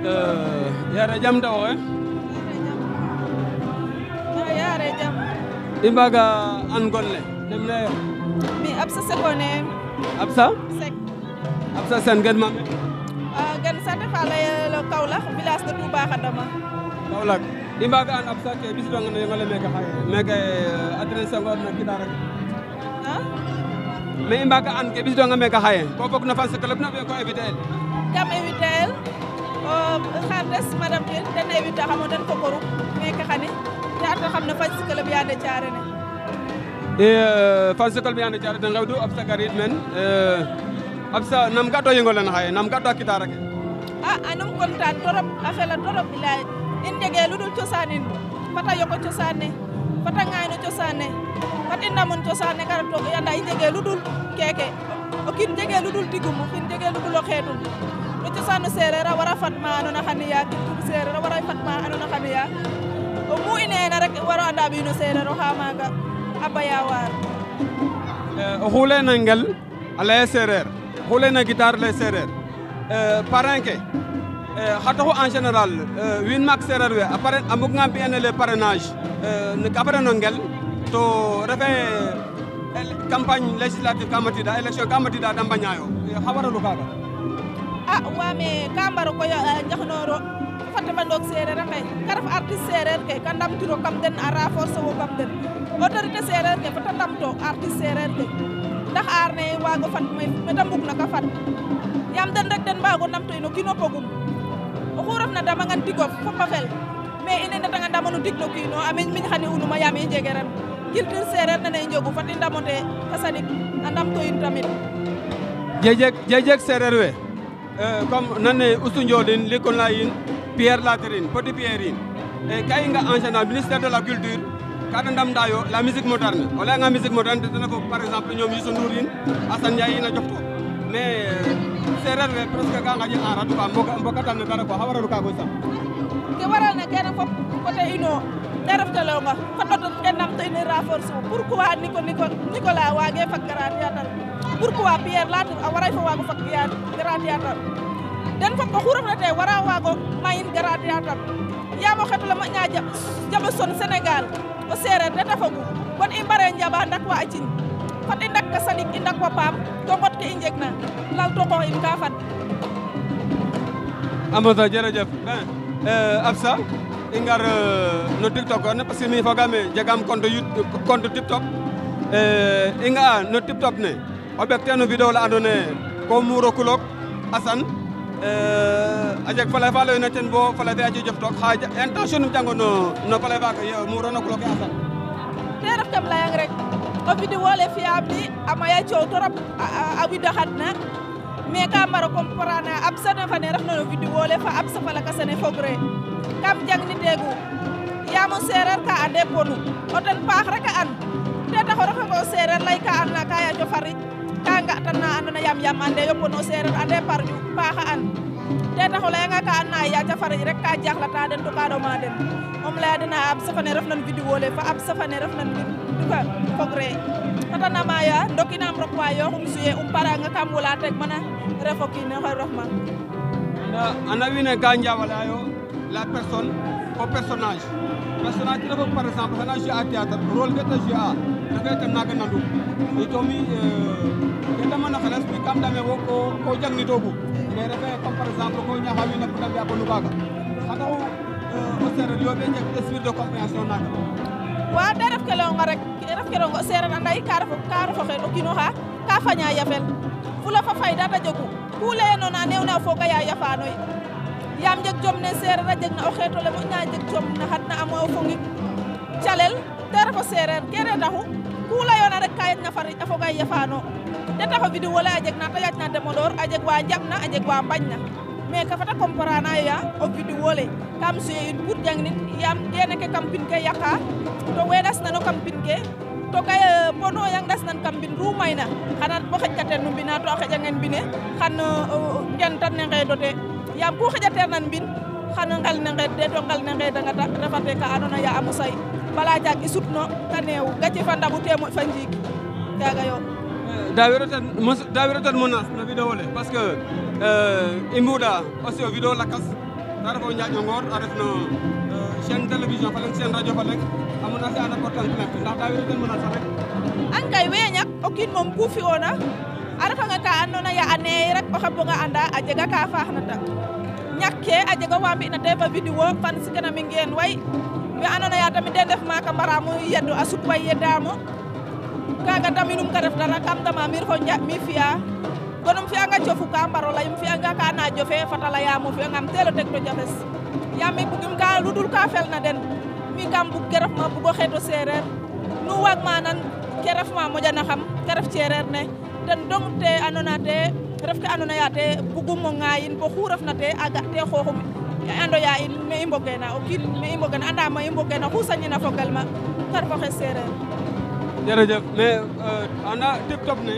Eh, yaare jam tau eh yaare ya, jam i ga an gol le nem mi absa sekone absa sek absa sen gen mame gen sate fa leyelo kaolax village de touba xadama kaolack i ga an absa ke ɓisdonga no yengole meke xaye eh, meke adresse ngor na kita rek mais i an ke ɓisdonga meke xaye ko fog na fan club na be ko éviter kam donc harness maraɓe tan e witta hamo tan ko korum mais ka kadi yato xam no faj sikala ɓe yaade carene e faj sikal ɓe yaade carede rewdu absa garid men absa nam gaɗo yengolen haye nam gaɗo kitara ke a anum konta torop a fela torop ilay in jege luɗol cosan in fata yoko cosan ne fata gayno cosan ne fat in namon cosan ne kara to yanda i jege luɗol keke okin jege luɗol tigum okin jege luɗol o xeetum cosaanu seereer a wara fatma andoona xan i yaa culture seereer a wara fatma andoona xan i yaa o mu i ne'eena rek waro anda wiin o seereer maaga a baya waar eh, oxu ngel a laya seereer oxu layna guitare lay seereer eh, parrain eh, xa taxu en général wiin maak seereer we a mbuganga mbi'an les parrainage ka farena ngel to refe campagne législative ka matiida élection ka matiida da xa waralu kaaga ah waa mais kambaro koy ah, a njaxnoro fa tefandoog seereer a ka ref artiste seereer ke ka ndamtiro kam den a renforcer wo kam den autorité seereer ke fata ndamto artiste seereer ke ndax aar ne waago fad meta mbugna ka fad yaam den rek den mbaago ndamto in o kiin o pogum oxu refna damangan tigof fop a fel mais in i ndetanga ndamanu dig no kiin o a miñ miñ xani unuma yaam i njegeran culture seereer nene i i ndamonte a saɗik a ndamto in Euh, comme nane Oustou Ndiodine likkulna in pierre latrine petit pierre in e ka de la culture ka da ndam ndayo la musique moderne o leyanga musique moderne ten refu par ñoom Youssou Ndour in a jof toog mais euh, sereer fe presque ka ngaƴin ah, en radio ka mbokatan no dara quoi xa waralu kaga koy sax ke waral na kene fop coté ino te ref ke leyonga fat o ten ke ndamta in renforcer u pourquoi Nicolas waage fag garantie a pourquoi pierre latir a waray fo waago fag ya garati a dan den fop oxu refna wara wago main garati a tan yaam o xet le moƴna jaɓo son sénégal o sereer neta fogu bon i mbare njaɓa ndak wa a cin fat i ka saɗik i wa paam to ngot ke i njeg na lal to qoox in ka fad ambosa jerejef ben absa i no tiktok ne parce que mi fogame jegam compte compte tiktok i nga'a no tiktok ne o ɓekteen vidéo la andoona ko ko muurokulok asan euh, a jeg faley fa layoona ten bo faley fe a jojoftoox xa intention num jangono no no faley faaka muuronokuloke ya, asan te ref kam layang rek o vidéo le fi'aam ni a ya coow torop a widoxatna mais ka mbaro comprendre sa na fa ne na no vidéo le fa sa fa lakasane fogre kam degu ya mo serer ka ande ponu o ten paax rek a an te taxo rafa o serer lay ka an na ka ya farit ga tan na ando naye yaam yaam ande yo pono sereer paaxa an te tax o leyanga ka and naye yaca fariƴ rek ka jaxlata den to ka ɗoma den den a ab safane ref nan vidéo fa ab safane ref nan duka fogre xatanama ya ndokinam rok wa yoxum suye um paranga kam wula teg mana refo kiin oxe ref ma anda wiin we ga la personne au personnage maintenant tu refais par exemple xanaa joué à théâtre rôle ta joué a refee kam naaga nandu i to mi euh, dama na xeles mi kam dame wo ko jangnitoogu mais refee comme par exemple ko ñaxa wiin we pour de bonu kaaga xa taxu o seereer yo de jeg esprit de compréhension naaga waaw te ref ke layonga rek ref ke o seereer anda i ka ref o xeet o kiin ka faña yafel fula fa fayda ta jogu ku layanona neewna o fooga ya yafanoyo yaam jeg jom ne seereer a jeg na o xeeto le moƴna jeg jom na a moof o ngik calel te ref o seereer kene taxu ku layoona rek ka yaac farit a foga yefaano te tax o vidéo a jeg na te yaac na demodoor a jeg wa njamb na a jeg wa mbañ na mais ka fata comprendre a yo o vidéo kam suye in pour jangnin ke kam pin ke yaqa to we ndasnano kam pin to kay e, pono yang ndasnan kam mbin ru mayna xana bo xej katen nu mbina to a xejangen mbine xan e, e, yam ku xejate nan bin xana ngal na nge de to ngal na nge da nga refate ka andona ya amu say bala jag i sutno ka neew gaci fa ndabu te kaga yo eh, dawiro tan monas na video le parce que euh, i aussi o lakas ta ref o ñaaƴ a no eh, chaîne télévision fa chaîne radio fa leng a monacé an importance nak ndax dawiro ten monas rek an kay we ñak o mom moom ku a nga ka ando na ya ane ya, rek oxey bug nga anda a jega ka ta ñakke a jega wa na te fa vidéo fan si kana mi ngeen way ando na ya tamit den ndef maaka mu yeddu ya a sup ya ka yeddaamo kaaga num ka def dara kam dama mir ko nja mi fiya gonum nga jofu ka mbaro fiya nga ka na jofe fata layaam o fi'angaam teel telo tek do jafes ya mi gum ka ludul ka na den mi kam bug ma bu bugo xeeto seereer nu ma nan ma mo jana xam ke ref ne ten dong te andoona te ref ke andoona yee te bugum o ŋaayin bo xu refna te a te xooxum i andoya in me i mbogeena o kiin me i mbogeena anda me i mbogeena oxu sañina fogal ma te ref oxe seereer euh, anda tip top ne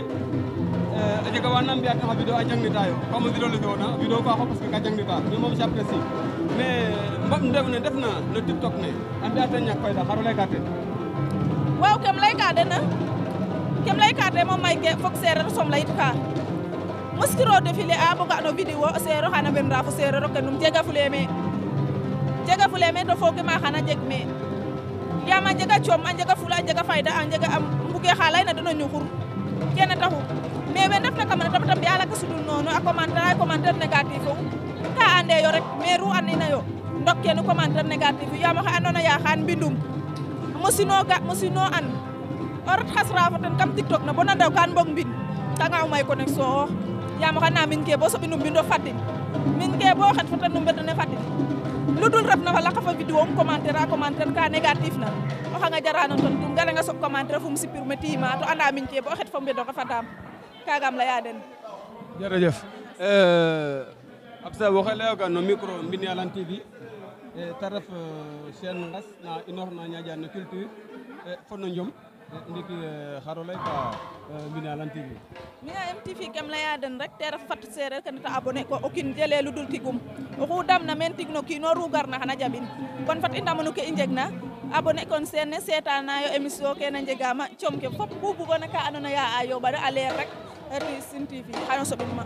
euh, a jega wa na mbi'at xa vidéo a jangnitaayo comme o vidéo le fi'oona ah, vidéo fa parce que ka jangnita mi moom j'apprécie mais mboɓ ndew ne ndefna no tip top ne a mbi'ata ñak fayda xar o layka ten waaw kem layka den ah. kem laykate mo mayke fog sereer som leytuka muskiro défilé a ah, boga no vidéo o seero xana wemra fo sereer o kenum jega fule me jega fule me to fooge ma xana jeg me yaam a jega coom a jega a jega a jega a mbuge xa layna den ñuxur kene taxu mais wen refna kamana tam ta mbi'a laka sudul noonu a commentaire commentaire négatif u ka yo rek mais ru andina yo ndok kenu commentaire négatif u andoona ye xan mbindum orat hasrafaten kam tiktok no bona daw kan mbog mbin tanga umay connexion o yaam xana min ke bo soɓinum mbindo fadin min ke bo xet foten num mbedone fadin ludul refna fa laka fa vidéo um commentaire a commentaire ka négatif na o xanga jarano ton tum garanga soɓ commentaire fum supprimer tiima to anda min ke bo xet fo mbedoxe fadaam kagam leya den jërëjëf eh, Absa waxey layoga no micro Mbine Yalane TV eh, te ref eh, Cheikh Ngas na inoox ndiki eh, xaro ley ka mbina lan tv eh, mina mtv kem leya den rek te ref fat sereer ke ndeta abonné ko o kiin jele ludul tigum oxu damna meen tig no kiino ru garna xana jaɓin kon fat i ndamanu ke i njeg na abonné kon seen ne seetana yo émission ke na njegama com ke fop ku bugona ka ando naye a yoɓare a leer rek Sen TV xano soɓin ma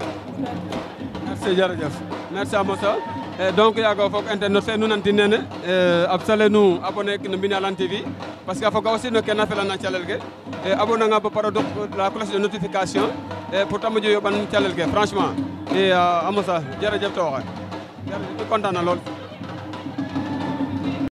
merci jërëjëf merci Amasa Eh, donc yaga faut internet Nous nous nanti euh ab sale nu abonné nous mbini alan tv parce que faut que aussi no kena felana calel ke eh, abonné nga ba pare la cloche de notification pour tamo jo yoɓan calel ke franchement et ah, amosa jerejef to waxe jerejef i content alors.